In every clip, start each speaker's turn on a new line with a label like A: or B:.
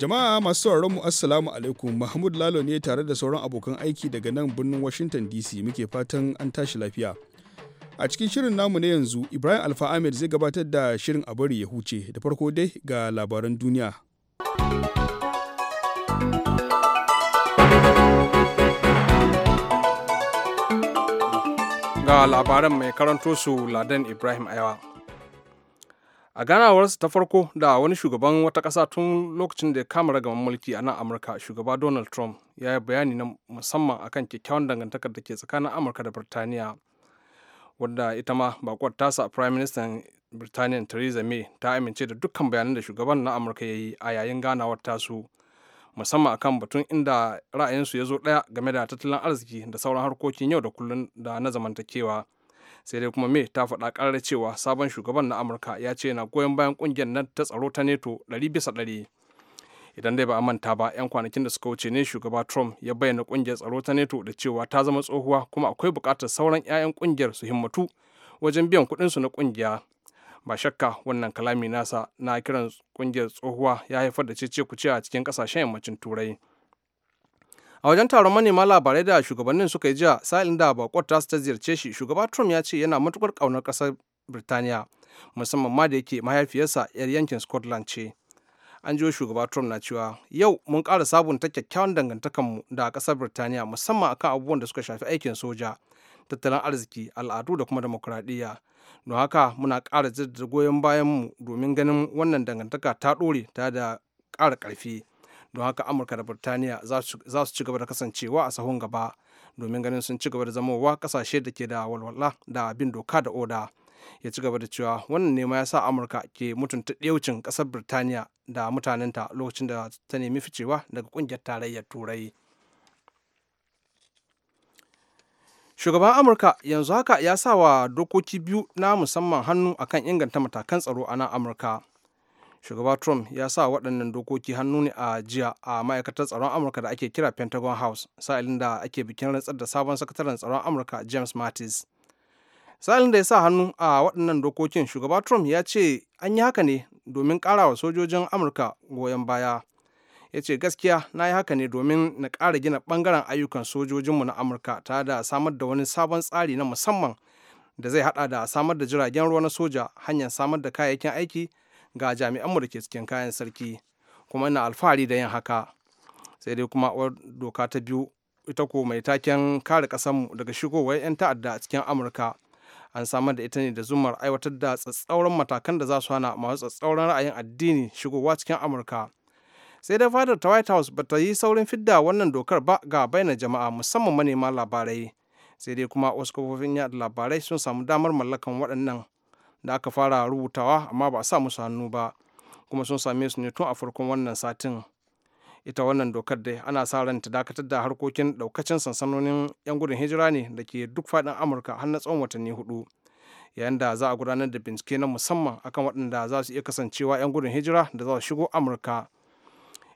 A: Jama'a masu sauraron mu Assalamu alaikum Mahmud Lalo ne tare da sauran abokan aiki daga nan birnin Washington DC muke fatan an tashi lafiya. A cikin shirin namu na yanzu Ibrahim Alfa Ahmed zai gabatar da shirin a bari ya huce da farko dai ga labaran duniya.
B: Ga labaran mai karanto su Ladan Ibrahim Ayawa. a ganawarsa ta farko da wani shugaban wata ƙasa tun lokacin da ya kama ragaman mulki a nan amurka shugaba donald trump ya yi bayani na musamman akan kyakkyawan dangantakar da ke tsakanin amurka da birtaniya wadda ita ma bakwar tasa prime minister birtaniya theresa may ta amince da dukkan bayanan da shugaban na amurka ya yi a yayin ganawar tasu musamman akan batun inda ra'ayinsu ya zo ɗaya game da tattalin arziki da sauran harkokin yau da kullum da na zamantakewa. sai dai kuma may ta faɗa ƙarar cewa sabon shugaban na amurka ya ce yana goyon bayan ƙungiyar nan ta tsaro ta neto ɗari idan dai ba a manta ba 'yan kwanakin da suka wuce ne shugaba trump ya bayyana ƙungiyar tsaro ta neto da cewa ta zama tsohuwa kuma akwai buƙatar sauran 'ya'yan ƙungiyar su himmatu wajen biyan kuɗinsu na ƙungiya ba shakka wannan kalami nasa na kiran ƙungiyar tsohuwa ya haifar da cece kuce a cikin ƙasashen yammacin turai a wajen taron manema labarai da shugabannin suka yi jiya sa'ilin da bakwar ta ta ziyarce shi shugaba trump ya ce yana matukar kaunar kasar birtaniya musamman ma da yake mahaifiyarsa yar yankin scotland ce an jiwo shugaba trump na cewa yau mun ƙara sabunta kyakkyawan dangantakanmu da ƙasar birtaniya musamman akan abubuwan da suka shafi aikin soja tattalin arziki al'adu da kuma demokuraɗiyya don haka muna ƙara jaddada goyon bayanmu domin ganin wannan dangantaka ta ɗore ta da ƙara ƙarfi don haka amurka da burtaniya za su ci gaba da kasancewa a sahun gaba domin ganin sun ci gaba da zamowa kasashe da ke da walwala da bin doka da oda ya ci gaba da cewa wannan nema ya sa amurka ke mutunta ɗaucin kasar birtaniya da mutanenta lokacin da ta nemi ficewa daga ƙungiyar tarayyar turai shugaban amurka yanzu haka ya sa wa dokoki biyu na musamman hannu akan inganta matakan tsaro a nan amurka shugaba trump ya sa waɗannan dokoki hannu ne a jiya a ma'aikatar tsaron amurka da ake kira pentagon house sa'ilin da ake bikin rantsar da sabon sakataren tsaron amurka james mattis sa'ilin da ya sa hannu a waɗannan dokokin shugaba trump ya ce an yi haka ne domin ƙara wa sojojin amurka goyon baya ya ce gaskiya na yi haka ne domin na ƙara gina ɓangaren ayyukan sojojinmu na amurka tare da samar da wani sabon tsari na musamman da zai hada da samar da jiragen ruwa na soja hanyar samar da kayayyakin aiki ga jami'anmu da ke cikin kayan sarki kuma ina alfahari da yin haka sai dai kuma uwar doka ta biyu ita ko mai taken kare mu daga shigowar 'yan ta'adda a cikin amurka an samar da ita ne da zumar aiwatar da tsatsauran matakan da za su hana masu tsatsauran ra'ayin addini shigowa cikin amurka sai dai fadar ta white house ba ta yi saurin fidda wannan dokar ba ga bayyana jama'a musamman manema labarai sai dai kuma wasu kafofin yada labarai sun samu damar mallakan waɗannan da aka fara rubutawa amma ba a sa musu hannu ba kuma sun same su ne tun a farkon wannan satin ita wannan dokar dai ana sa ran ta dakatar da harkokin daukacin sansanonin yan gudun hijira ne da ke duk faɗin amurka har na tsawon watanni hudu yayin da za a gudanar da bincike na musamman akan waɗanda za su iya kasancewa yan gudun hijira da za su shigo amurka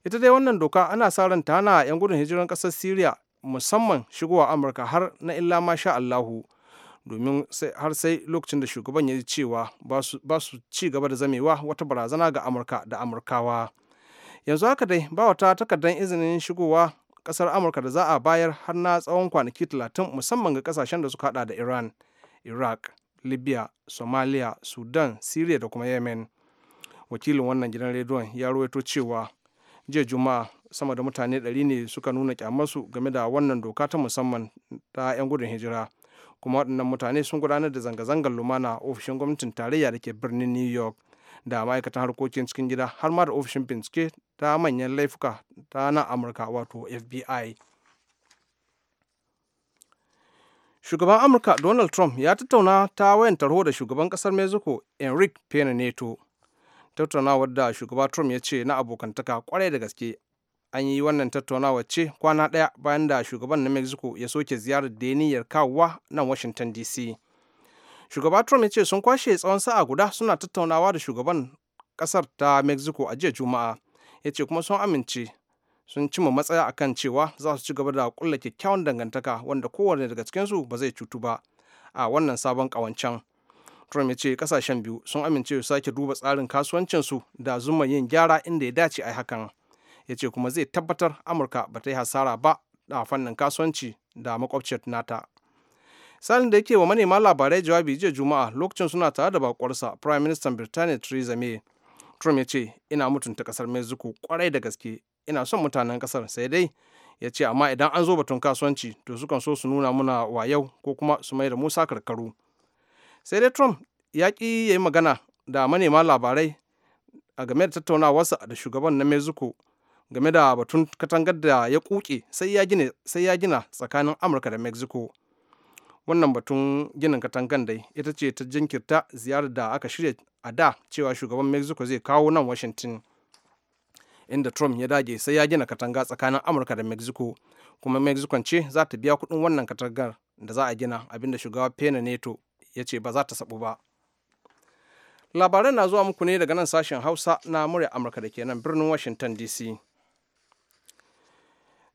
B: ita dai wannan doka ana sa ran ta hana yan gudun hijiran ƙasar syria musamman shigowa amurka har na illa ma sha allahu domin har sai lokacin da shugaban ya yi cewa ba su ci gaba da zamewa wata barazana ga amurka da amurkawa yanzu haka dai ba wata takardar izinin shigowa kasar amurka da za a bayar har na tsawon kwanaki talatin musamman ga kasashen da suka hada da iran iraq libya somalia sudan syria da kuma yemen wakilin wannan gidan rediyon ya ruwaito cewa jiya juma'a sama da mutane 100 ne suka nuna kyamarsu game da wannan doka ta musamman ta 'yan gudun hijira kuma waɗannan mutane sun gudanar da zanga-zangar lumana a ofishin gwamnatin tarayya da ke birnin new york da ma'aikatan harkokin cikin gida har ma da ofishin bincike ta manyan laifuka ta na amurka wato fbi shugaban amurka donald trump ya tattauna ta wayan tarho da shugaban kasar mexico enrique pena neto tattaunawar da shugaba trump ya ce na abokantaka kwarai da gaske an yi wannan tattaunawa ce kwana ɗaya bayan da shugaban na mexico ya soke ziyarar da niyyar kawowa nan washington dc shugaba trump ya ce sun kwashe tsawon sa'a guda suna tattaunawa da shugaban kasar ta mexico a jiya juma'a ya ce kuma sun amince sun cima matsaya akan cewa za su ci gaba da kulla kyakkyawan dangantaka wanda kowane daga cikinsu ba zai cutu ba a wannan sabon kawancen trump ya ce kasashen biyu sun amince su sake duba tsarin kasuwancinsu da zuma yin gyara inda ya dace a hakan ya ce kuma zai tabbatar amurka ba ta yi hasara ba a fannin kasuwanci da makwabciyar nata salin da yake wa manema labarai jawabi jiya juma'a lokacin suna tare da bakwarsa prime minister birtaniya theresa may trump ya ce ina mutunta kasar mexico kwarai da gaske ina son mutanen kasar sai dai ya ce amma idan an zo batun kasuwanci to sukan so su nuna muna wa yau ko kuma su mai da musa karkaru sai dai trump ya ki ya yi magana da manema labarai a game da tattaunawarsa da shugaban na mexico game da batun katangar da ya kuke sai ya gina tsakanin amurka da mexico wannan batun ginin katangan dai ita ce ta jinkirta ziyarar da aka shirya a da cewa shugaban mexico zai kawo nan washington inda trump ya dage sai ya gina katanga tsakanin amurka da mexico kuma mexico ce za ta biya kudin wannan katangar da za a gina abinda shugaba pena neto ya ce ba za ta sabu ba labaran na zuwa muku ne daga nan sashen hausa na murya amurka da ke nan birnin washington dc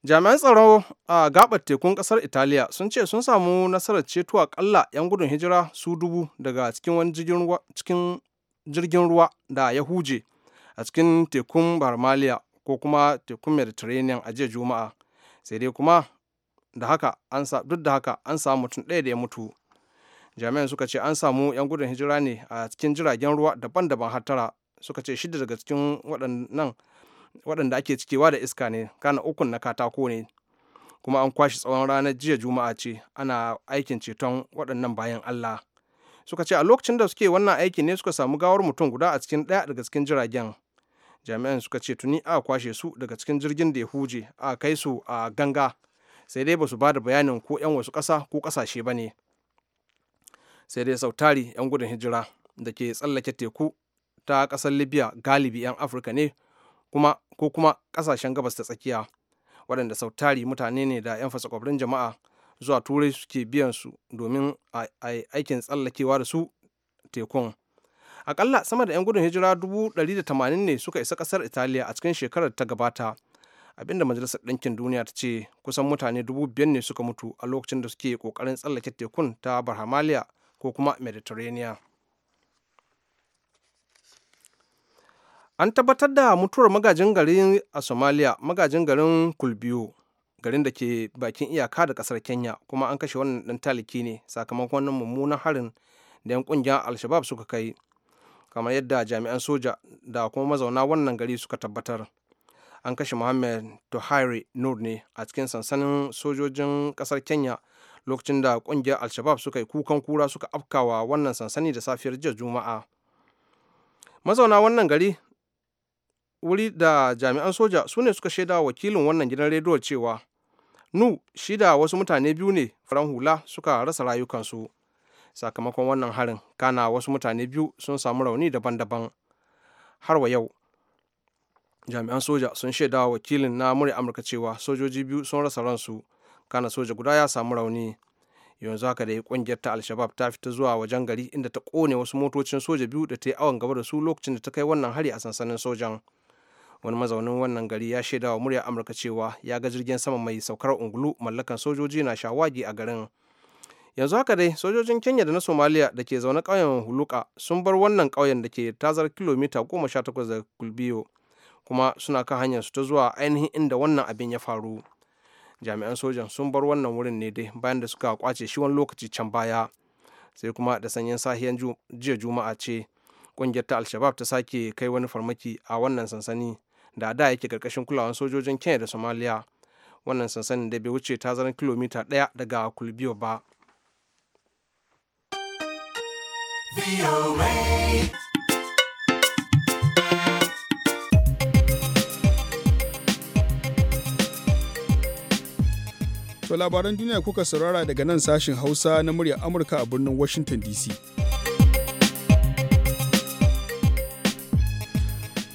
B: jami'an tsaro a gabar tekun kasar italiya sun ce sun samu nasarar ceto kalla 'yan gudun hijira su dubu daga cikin wani jirgin ruwa da ya huje a cikin tekun barmaliya ko kuma tekun mediterranean a jiya juma'a sai dai kuma da haka an duk da haka an samu mutum ɗaya da ya mutu jami'an suka ce an samu 'yan gudun hijira ne a cikin jiragen ruwa daban-daban har tara suka ce shida daga cikin waɗannan waɗanda ake cikewa da iska ne kana ukun na katako ne kuma an kwashe tsawon ranar jiya juma'a ce ana aikin ceton waɗannan bayan allah suka ce a lokacin da suke wannan aiki ne suka samu gawar mutum guda a cikin ɗaya daga cikin jiragen jami'an suka ce tuni a kwashe su daga cikin jirgin da ya huje a kai su a ganga sai dai ba su ba da bayanin ko 'yan wasu ƙasa ko ƙasashe ba ne sai dai sautari 'yan gudun hijira da ke tsallake teku ta ƙasar libya galibi 'yan afirka ne kuma ko kuma kasashen gabas ta tsakiya waɗanda sautari mutane ne da 'yan fasakwabrin jama'a zuwa turai suke biyan su domin a aikin tsallakewa da su tekun akalla sama da 'yan gudun hijira 180 ne suka isa ƙasar italiya a cikin shekarar ta gabata abinda majalisar ɗinkin duniya ta ce kusan mutane 5,000 ne suka mutu a lokacin da suke ƙoƙarin tsallake tekun ta barhamaliya ko kuma mediterranean an tabbatar da mutuwar magajin gari a somalia magajin garin kulbiyo garin da ke bakin iyaka da kasar kenya kuma an kashe wannan dan taliki ne sakamakon wannan mummunan harin da yan kungiyar alshabab suka kai kamar yadda jami'an soja da kuma mazauna wannan gari suka tabbatar an kashe muhammad tuhari nur ne a cikin sansanin sojojin kasar kenya lokacin da kungiyar alshabab suka yi kukan kura suka afkawa wannan sansani da safiyar jiya juma'a mazauna wannan gari wuri da jami'an soja su ne suka shaida wakilin wannan gidan rediyo cewa nu shi da wasu mutane biyu ne faran hula suka rasa rayukansu sakamakon wannan harin kana wasu mutane biyu sun samu rauni daban-daban har wa yau jami'an soja sun shaida wakilin na murya amurka cewa sojoji biyu sun rasa ransu kana soja guda ya samu rauni yanzu haka da kungiyar ta alshabab ta fita zuwa wajen gari inda ta kone wasu motocin soja biyu da ta yi awon gaba da su lokacin da ta kai wannan hari a sansanin sojan wani mazaunin wannan gari ya shaidawa murya amurka cewa ya ga jirgin sama mai saukar ungulu mallakan sojoji na shawagi a garin yanzu haka dai sojojin kenya da na somaliya da ke zaune kauyen huluka sun bar wannan ƙauyen da ke tazar kilomita goma sha takwas da kulbiyo kuma suna kan hanyar su ta zuwa ainihin inda wannan abin ya faru jami'an sojan sun bar wannan wurin ne dai bayan da suka kwace shi wani lokaci can baya sai kuma da sanyin sahiyan jiya juma'a ce kungiyar ta alshabab ta sake kai wani farmaki a wannan sansani da da yake karkashin kulawan sojojin kenya da somaliya wannan sansanin da bai wuce tazaran kilomita daya daga kulbiyo ba
A: To labaran duniya kuka saurara daga nan sashin Hausa na muryar Amurka a birnin Washington DC.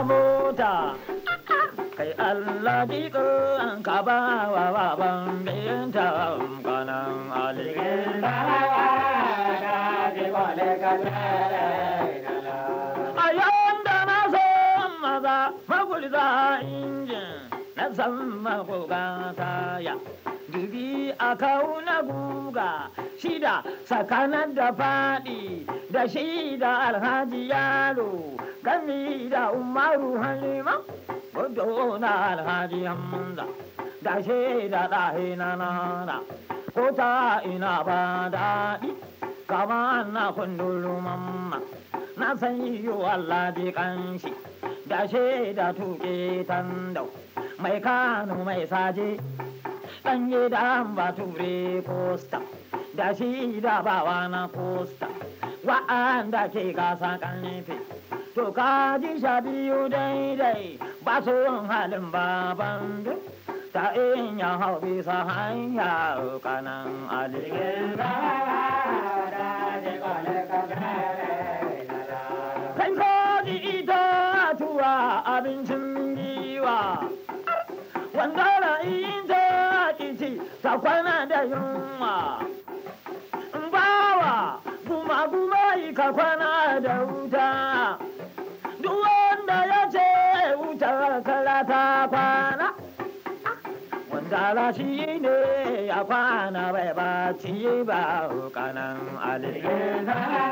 C: mota kai Allah ko an ka ba wa wa ban biyan ta kanan alikin ba wa da ji wale kalare ayon da na so maza za in zama goga saya dubi a kauna guga shida tsakanar da faɗi da shida alhaji yalo gami da umaru halima gudu na alhaji hamza da shida ɗahe na nana ko ta ina ba daɗi kama na kundulu mamma na san yi alladi ji kanshi da shida tuke tandau mai kano mai saje yi da Ture posta da shi da bawa na posta wa'anda ke gasa ƙarfe to ka ji sha biyu daidai ba su halin baban duk ta in ya hau bisa hanya kanan alikin Kai ko ji ita tuwa abincin Kwangara in ta ta kwana da yunwa. Bawa kuma yi ka kwana da wuta. Duk wanda ya ce wuta kala ta kwana. Wanda shi ne ya kwana bai ba ci ba kanan alilai.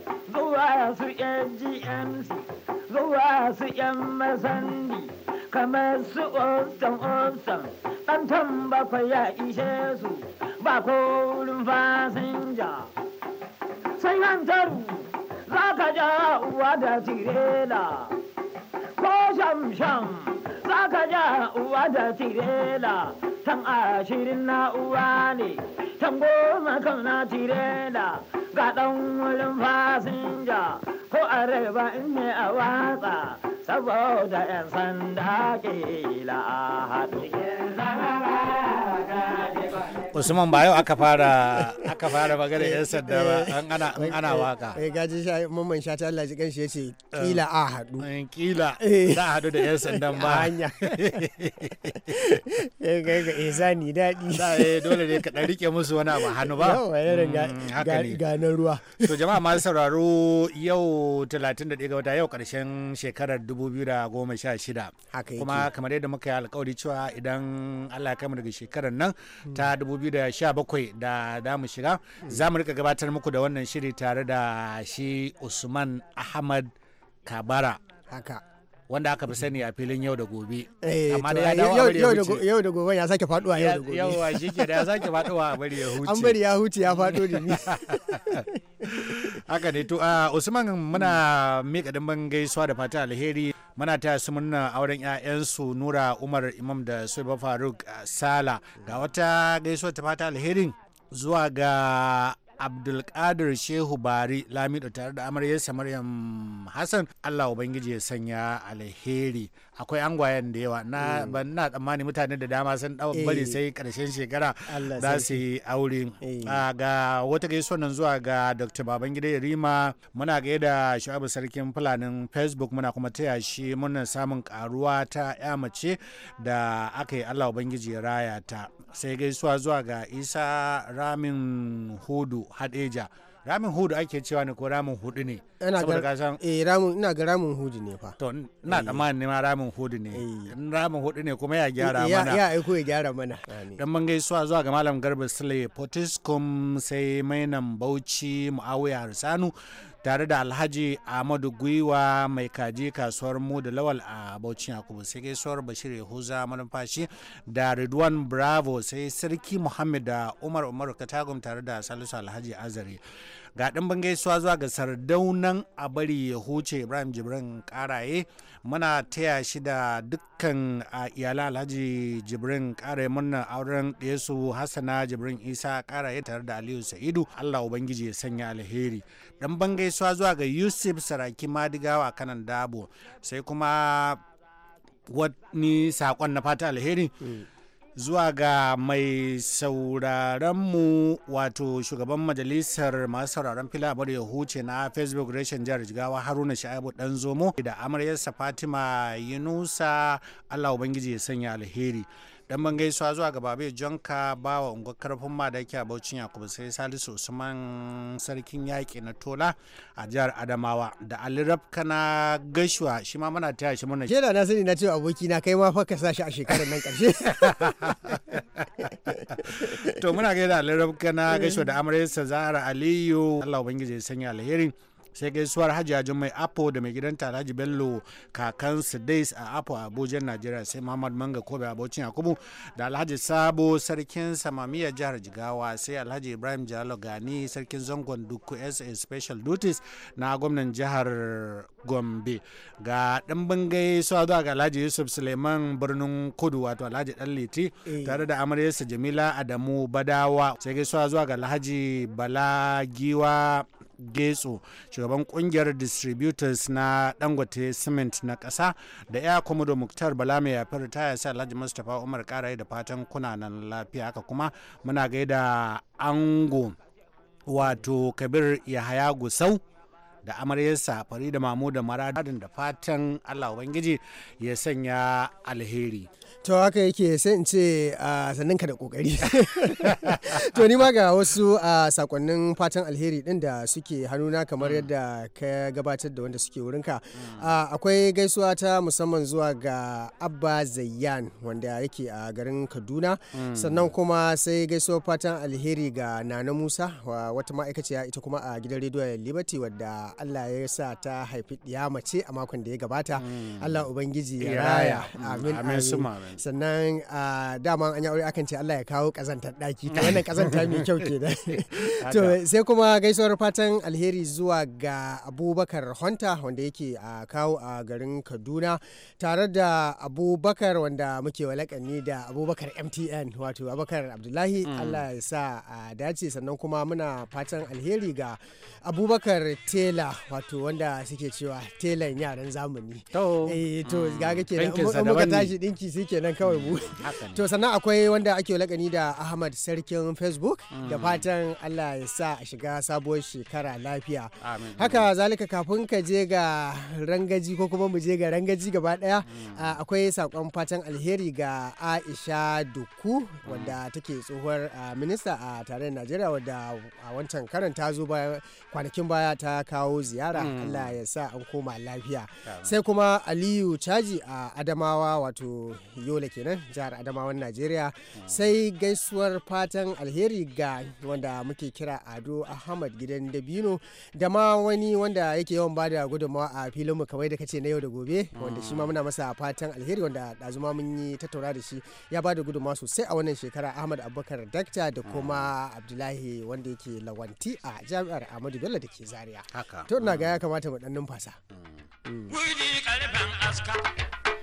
C: zuwa su yan gmc zuwa su yan masandi kamar su ostan ostan ɗan tambafa ya ishe su ba korin fasinja sai hantar za ka ja uwa da tirela ko sham-sham za ka ja uwa da tirela tan ashirin na uwa ne tan goma kan na tirela ga ɗan wurin fasinja ko areba in ne a watsa saboda 'yan sanda ke
D: la haɗu.
E: usman ba yau aka fara aka fara magana yan sanda ba eh, an ana ana eh, waka
D: eh gaji sha mamman sha ta Allah ji kanshi yace eh. kila a
E: hadu kila za a hadu da yan sandan ba hanya eh ga ga izani dadi eh dole ne ka dan rike musu wani abu hannu ba mm, ga na ruwa to jama'a masu sauraro yau 31 ga wata yau karshen shekarar 2016 kuma kamar yadda muka yi alkawari cewa idan Allah ya kai mu daga shekarar nan mm. ta 2017 da damu mu shiga za mu rika gabatar muku da wannan shiri tare da shi usman ahmad kabara haka wanda aka fi sani a filin yau da gobe. Eh, Amma da ya dawo
D: Yau da gobe ya sake faduwa yau da gobe. yau a ke da
E: ya sake faduwa a bari ya huce. An bari ya huce
D: ya fado da ni.
E: Haka ne to Usman muna miƙa dimbin gaisuwa da fata alheri muna taya su murna auren 'ya'yansu nura umar imam da sulba faruk sala ga wata gaisuwa ta fata alherin zuwa ga abdulkadir shehu bari lamido tare da amaryarsa maryam hassan allah ubangiji ya sanya alheri akwai angwayen da yawa na mm. ban na tsammani mutane da dama sun dawa eh. bari sai karshen shekara za su yi aure eh. ah, ga wata gaisuwa nan zuwa ga dr babangida yarima muna gaida shu'abu sarkin fulanin facebook muna kuma taya shi muna samun karuwa ta ya mace da aka yi allah ubangiji ya raya ta sai gaisuwa zuwa ga isa ramin hudu hadeja ramin hudu ake cewa ne ko ramin hudu ne ina ga eh, ramin hudu ne fa to ina eh. ma ne ma ramin hudu ne eh. ramin hudu ne kuma ya gyara mana ya
D: aiko ya gyara mana
E: dan mun gaisuwa zuwa ga malam garba sule potiskum sai mainan bauchi muawiya sanu. tare da alhaji ahmadu gwiwa mai kaji kasuwar mu da lawal a bauchi yakubu sai gaisuwar bashir yahuza manumfashi da ridwan bravo sai sarki muhammad da umar umar katagum tare da salisu alhaji azare ga ɗan bangaisuwa zuwa ga sardaunan a bari ya huce ibrahim jibrin karaye muna taya shi da dukkan iyalan alhaji jibrin karaye murnar auren ɗayasu hassana jibrin isa karaye tare da aliyu sa'idu allah ubangiji ya sanya alheri ɗan bangaisuwa zuwa ga yusuf saraki madigawa kanan dabo sai kuma wani saƙon na fata alheri mm. zuwa ga mai sauraronmu wato shugaban majalisar masu sauraron fila a ya huce na facebook reshen jihar jigawa haruna sha'ibu dan zomo da amaryarsa fatima yunusa allah ubangiji ya sanya alheri dan ban gaisuwa zuwa ga babe jonka bawa unguwar karfin ma da yake a baucin yakubu sai salisu usman sarkin yaƙi na tola a jihar adamawa da ali rabkana gashuwa shi ma muna taya shi muna jela
D: na sani na ce aboki na kai ma fa ka sashi a shekarar nan karshe
E: to muna gaida ali rabkana eh. gashuwa da amaryarsa zahara aliyu allah ubangiji ya sanya alherin sai gaisuwar hajiya mai apo da mai gidan alhaji bello kakan sidais a apo a abuja najeriya sai muhammad manga kobe abocin yakubu da alhaji sabo sarkin samamiya jihar jigawa sai alhaji ibrahim jalo gani sarkin zangon duku sa special duties na gwamnan jihar gombe ga ɗimbin gaisuwa zuwa ga alhaji yusuf suleiman birnin kudu wato alhaji dan liti eh. tare da amaryarsa jamila adamu badawa sai gaisuwa zuwa ga alhaji bala giwa getso shugaban kungiyar distributors na dangote cement na kasa da ya da muktar bala mai ta ritaya sa alhaji mustapha umar karaye da fatan kuna nan lafiya haka kuma muna gaida ango wato kabir yahaya gusau da amaryarsa farida mamu da maradin da fatan allah ubangiji ya sanya alheri
D: to haka yake sai in ce sannan ka da kokari to ni ma ga wasu a sakonnin fatan alheri din da suke hannuna kamar yadda ka gabatar da wanda suke wurinka mm. akwai gaisuwa ta musamman zuwa ga abba zayyan wanda yake a garin kaduna mm. sannan kuma sai gaisuwa fatan alheri ga nana musa wata ma'aikaciya ita kuma a gidan rediyo liberty wadda allah ya sa ta haifi ɗiya mace a makon da ya gabata mm. allah ubangiji ya raya amin amin sannan ah, dama an yi akan ce Allah ya kawo kazantar daki ta wannan kazanta mai kyau ke to sai kuma gaisuwar fatan alheri zuwa ga Abubakar Honta wanda yake a ah, kawo a garin Kaduna tare da Abubakar wanda muke walakani da Abubakar MTN wato Abubakar Abdullahi mm. Allah ya sa a dace sannan kuma muna fatan alheri ga Abubakar Tela wato wanda suke cewa telan yaran zamani. To, eh to gaga ke muka tashi dinki kenan kawai mm, bu to sannan akwai wanda ake lakani da ahmad sarkin facebook da mm. fatan allah ya sa a shiga sabuwar shekara lafiya haka zalika kafin ka je ga rangaji ko kuma mu je ga rangaji gaba daya mm. akwai sakon fatan alheri ga aisha duku wanda take tsohuwar minista a da najeriya wadda a wancan karan ta zo kwanakin baya ta kawo ziyara allah ya sa an koma lafiya sai kuma aliyu caji a adamawa wato yola kenan jihar adamawan najeriya sai gaisuwar fatan alheri ga wanda muke kira ado ahmad gidan dabino da ma wani wanda yake yawan bada gudunmawa a filin mu kamar da kace na yau da gobe wanda shi ma muna masa fatan alheri wanda ɗazuma mun yi tattauna da shi ya bada gudunmawa sosai a wannan shekara ahmad abubakar dakta da kuma abdullahi wanda yake lawanti a jami'ar ahmadu bello da ke zaria to ina ga ya mm. kamata mu dan numfasa.
F: Mm. Mm.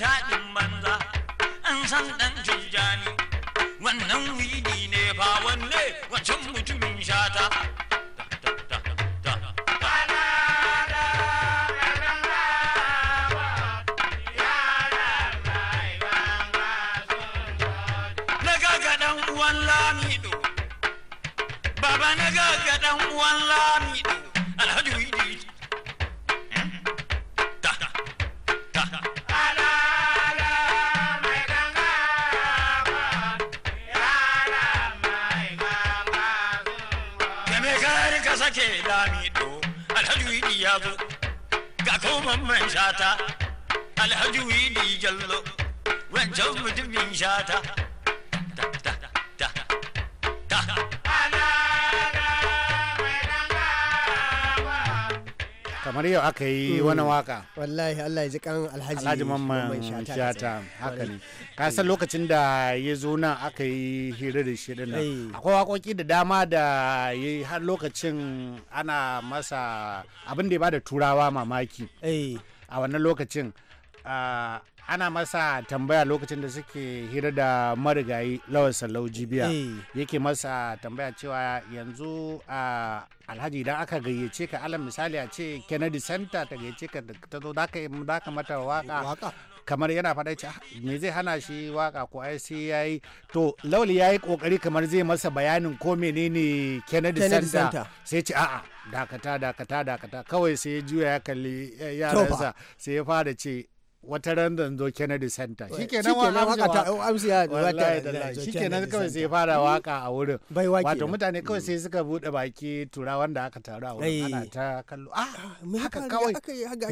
F: Daɗin banza an san
E: kamar yau aka yi mm. wani waka
D: wallahi Allah ya ji kan
E: alhaji alhaji mamman shata haka ne ka lokacin da ya zo nan aka yi hira da shi din akwai wakoki da dama da ya har lokacin ana masa abin da ya bada turawa mamaki a wannan lokacin ah, ana masa tambaya lokacin da suke hira da marigayi lawan sallau jibiya eh. yake masa tambaya cewa yanzu a alhaji idan aka gayyace ka alam misali a ce kennedy center ta gayyace ka ta zo da ka mata waka kamar yana faɗa ce ah, me zai hana shi waka ko ai sai yayi to lauli yayi kokari kamar zai masa bayanin ko menene Kennedy Center sai ce a'a dakata dakata dakata kawai sai ya juya ya kalli eh, yaransa sai ya fara ce wata ran da zo Kennedy Center nan wani waka ta amsa ya wallahi da nan kawai sai fara waka a wurin wato mutane kawai mm. sai suka bude baki tura wanda aka
D: taru a wurin ana
E: ta kallo ah, ah haka kawai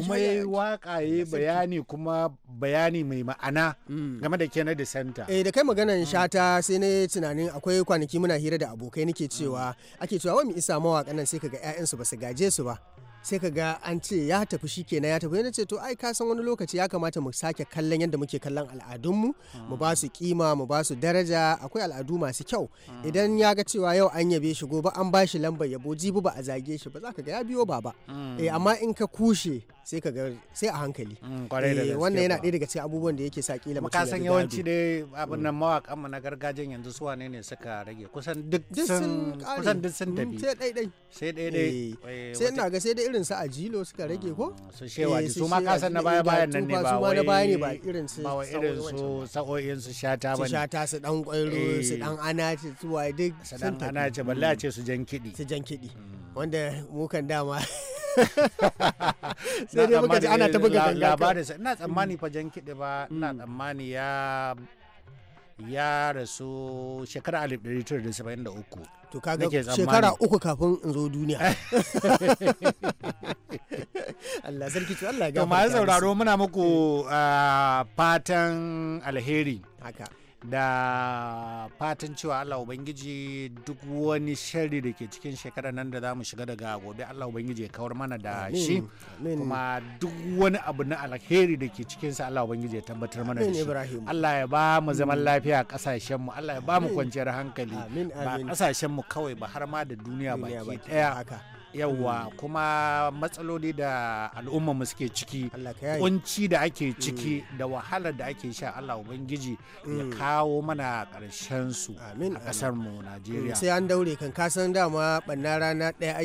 E: mai waka yi bayani
D: kuma bayani
E: mai ma'ana mm. game da Kennedy Center eh da kai
D: maganan mm. shata sai ne tunanin akwai kwanaki muna hira da abokai nake cewa ake cewa wani isa mawaƙan nan sai kaga ƴaƴansu ba su gaje su ba sai ka ga an ce ya tafi shi kenan ya tafi yana ce to ai ka san wani lokaci ya kamata mu sake kallon yadda muke kallon al'adunmu mu ba su kima mu ba su daraja akwai al'adu masu kyau idan ya ga cewa yau an yabe shi gobe an ba shi lambar yabo jibi ba a zage shi ba za ka ga ya biyo ba mm. eh amma in ka kushe sai ka ga sai a hankali mm, eh, wannan yana ɗaya daga cikin abubuwan da yake sa kila mutum ka san yawanci
E: dai abin nan mm. mawakan mu na gargajiyan yanzu su wane ne suka rage kusan duk sun kusan duk sun mm, tafi sai dai dai sai dai dai eh, sai ina
D: ga sai dai irin su ajilo suka rage ko su eh, ji su ma ka san na baya bayan nan ne ba wai na baya ne ba irin su ba irin su sa'o'in su shata ba su shata su dan kwairo su dan anace su wai duk sun tafi anace balla ce su jan kidi su jan kidi wanda mu kan dama sai dai buga ji ana ta buga ganga labarin ina tsammani
E: mm. fa jan kiɗi ba ina mm. tsammani ya ya rasu shekara 1973 to kaga shekara uku
D: kafin in zo duniya
E: Allah sarki to Allah ya gafarta to ma sauraro muna muku mm. ah, fatan alheri haka da fatan cewa Allah Ubangiji duk wani shari da ke cikin shekara nan da za mu shiga daga gobe Allah Ubangiji ya kawar mana da shi kuma duk wani abu na alheri da ke cikin sa Allah Ubangiji ya tabbatar mana da shi Allah ya ba mu zaman lafiya a kasashen mu Allah ya ba mu kwanciyar hankali ba kasashen mu kawai ba har ma da duniya baki daya Yawwa kuma matsaloli da al'umma mu suke ciki kunci da ake mm. ciki da wahalar da ake sha Allah ubangiji ya mm. kawo mana karshen su a kasar mu Najeriya mm, sai
D: an daure kan kasan dama banna rana ɗaya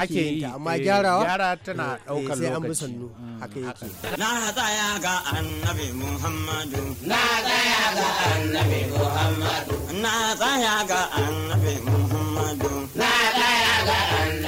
E: ake yi amma eh, gyarawa gyara tana daukar eh, lokaci sai an bi sannu haka yake
G: na tsaya ga annabi Muhammadu na tsaya ga annabi Muhammadu na tsaya ga annabi Muhammadu na tsaya ga annabi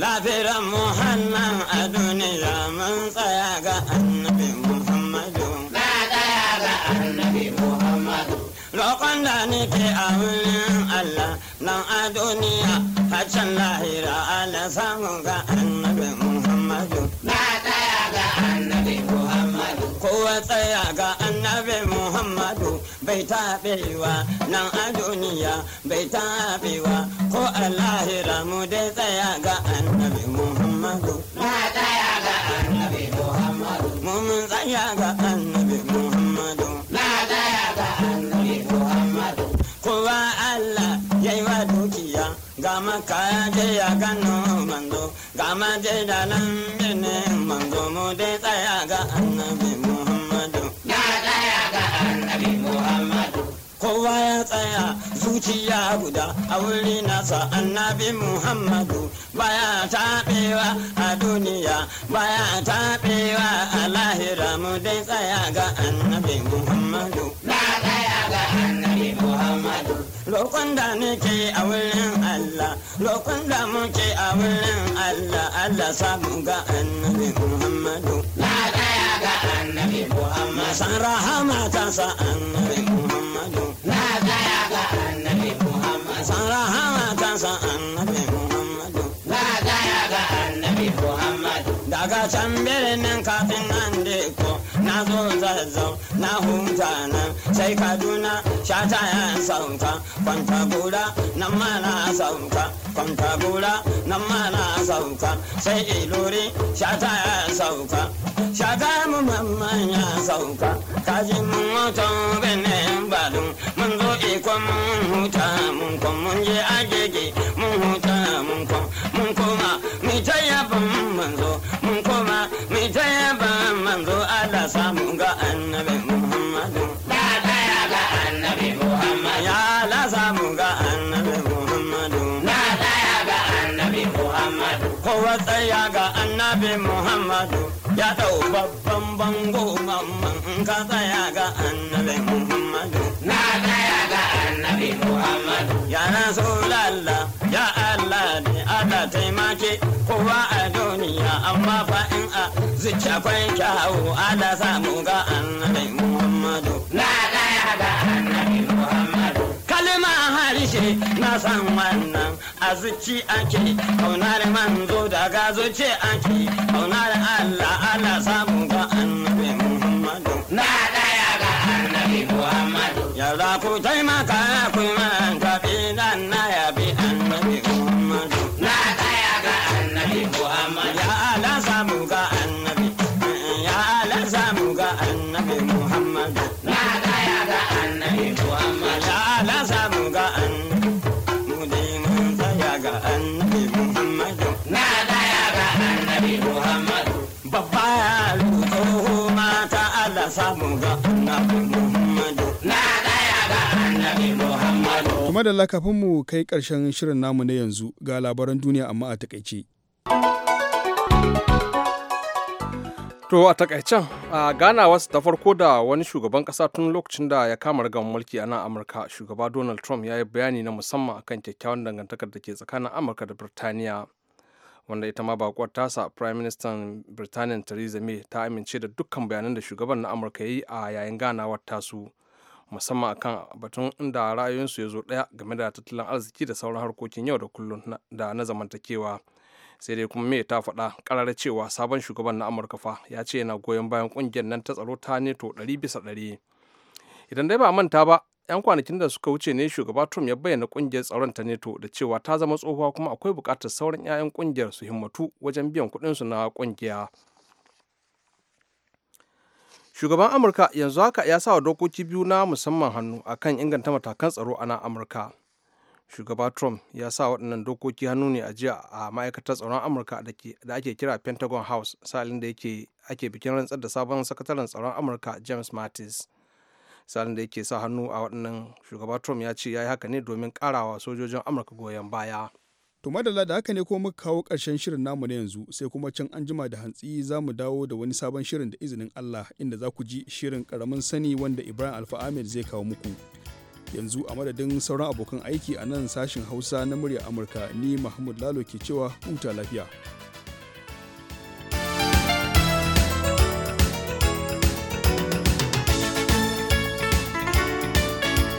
G: labiran muhannan a duniya mun tsaya ga annabi muhammadu na tsaya ga annabi muhammadu roƙon da nake a wurin allah nan a duniya haccan lahira ala samu ga annabi muhammadu na tsaya ga annabi muhammadu kowa tsaya ga annabi muhammadu bai taɓewa nan a duniya bai taɓewa ko a lahira mu dai tsaya gano manzo gama maje da lambinin manzo mu dai tsaya ga annabi muhammadu ya tsaya ga annabi muhammadu kowa ya tsaya zuciya guda a wuri nasa annabi muhammadu baya taɓewa a duniya baya taɓewa a lahira mu dai tsaya ga annabi muhammadu na tsaya Lokun da nake a wurin Allah lokun da muke a wurin Allah Allah samu ga annabi Muhammadu na daya ga annabi muhammadu? san rahama ta sa annabi Muhammadu na huta nan sai kaduna shata ya sauka kwanta gura na ma na sauka kwanta gura na ma na sauka sai ilori shata ya sauka shata mu mamman ya sauka kaji mun motan bene balun mun zo ikon mun huta mun kwan mun je agege mun huta mun kwan mun koma mi ta mun zo. ango mamman ga annabi muhammadu na tsaya ga annabi muhammadu ya rasulallah ya allah kowa a duniya amma fa in a zuciya kwan kyawu ada samu ga annabi muhammadu na daya. ma harshe na san wannan a zuci ake da manzo daga zuci ake da Allah Allah samu ga annabi Muhammadu na daya ga annabi Muhammadu za ku taimaka ku Babba ya Allah
A: Kuma da mu kai ƙarshen shirin namu na yanzu ga labaran duniya
B: amma a takaice. To a takaicen a Ghana wasu ta farko da wani shugaban ƙasa tun lokacin da ya kama rigar mulki a nan Amurka shugaba Donald Trump ya yi bayani na musamman akan kyakkyawan dangantakar da ke tsakanin Amurka da Birtaniya. wanda ita ma bakuwar tasa prime minister birtaniya theresa may ta amince da dukkan bayanan da shugaban na amurka ya yi a yayin ganawar tasu musamman akan batun inda ra'ayoyinsu ya zo ɗaya game da tattalin arziki da sauran harkokin yau da kullum da na zamantakewa sai dai kuma mai ta faɗa ƙarar cewa sabon shugaban na amurka fa ya ce yana goyon bayan ƙungiyar nan ta tsaro ta neto ɗari bisa ɗari idan dai ba a manta ba 'yan kwanakin da suka wuce ne shugaba trump ya bayyana kungiyar tsaron ta neto da cewa ta zama tsohuwa kuma akwai bukatar sauran 'ya'yan kungiyar su himmatu wajen biyan kudinsu na kungiya shugaban amurka yanzu haka ya sa wa dokoki biyu na musamman hannu akan inganta matakan tsaro a nan amurka shugaba trump ya sa waɗannan dokoki hannu ne a jiya a ma'aikatar tsaron amurka da ake kira pentagon house salin da ake bikin rantsar da sabon sakataren tsaron amurka james mattis salin da yake sa hannu a waɗannan shugaba trump ya ce ya yi haka ne domin karawa sojojin amurka goyon baya to madalla da haka
A: ne kuma muka kawo ƙarshen shirin namu na yanzu sai kuma can an jima da hantsi za mu dawo da wani sabon shirin da izinin allah inda za ku ji shirin karamin sani wanda ibrahim alfa ahmed zai kawo muku yanzu a madadin sauran abokan aiki a nan sashin hausa na murya amurka ni mahmud lalo ke cewa huta lafiya